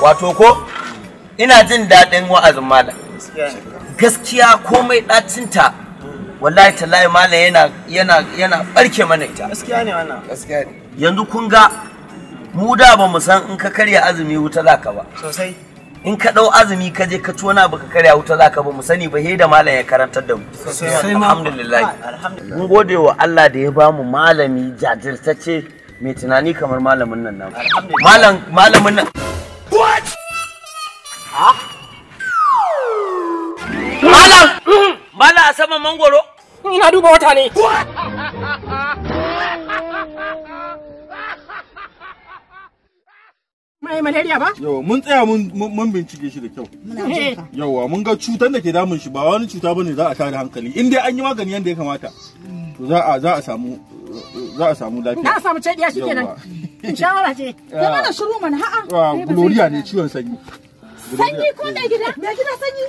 wato ko ina jin daɗin wa'azin malam gaskiya komai ɗacinta wallahi talahi malam yana yana yana barke mana ita gaskiya ne wannan gaskiya ne yanzu kun ga mu da ba mu san in ka karya azumi wuta zaka ba sosai in ka ɗau azumi ka je ka tona baka karya wuta zaka ba mu sani ba he da malam ya karantar da mu Sosai alhamdulillah mun gode wa Allah da ya bamu malami jajirtacce mai tunani kamar malamin nan namu malam malamin nan Malam! Malam a saman mangoro? Ina duba wata ne. Mai malaria ba? Yo, mun tsaya mun bincike shi da kyau. Yawa mun ga cutar da ke damun shi ba wani cuta bane za a tare hankali. In dai an yi magani yadda ya kamata. To za a za a samu za a samu lafiya. Za a samu cediya shi kenan. Shawara ce. Ga mana shiru mana ha'a. Gloria ne ciwon sanyi. Sanyi ko da gida? Da gida sanyi.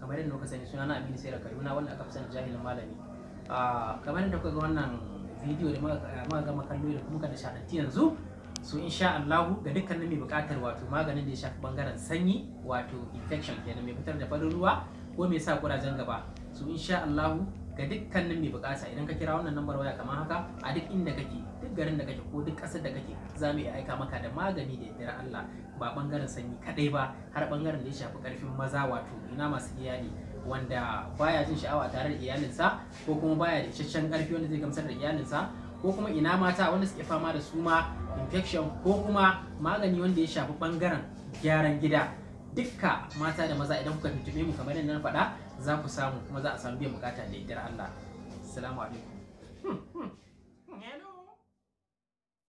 kamar yadda kuka sani suna Aminu Sera Kaduna wanda aka fi sani jahilin malami ah, kamar yadda kuka ga wannan bidiyo da muka gama kallo da kuma da shaɗanti yanzu so insha Allahu ga dukkanin mai buƙatar wato maganin da ya shafi bangaren sanyi wato infection kenan mai fitar da farin ruwa ko mai sa kurajen gaba so insha Allahu ga dukkanin mai bukata idan ka kira wannan lambar waya kamar haka a duk inda kake duk garin da kake ko duk kasar da kake za mu iya aika maka da magani da yardar Allah ba bangaren sanyi kadai ba har bangaren da ya shafi karfin maza wato ina masu iyali wanda baya jin sha'awa tare da iyalinsa ko kuma baya da isasshen karfi wanda zai gamsar da iyalinsa ko kuma ina mata wanda suke fama da suma infection ko kuma magani wanda ya shafi bangaren gyaran gida dukka mata da maza idan kuka tuntube mu kamar yadda na faɗa za ku samu kuma za a samu biyan bukata da yardar Allah assalamu alaikum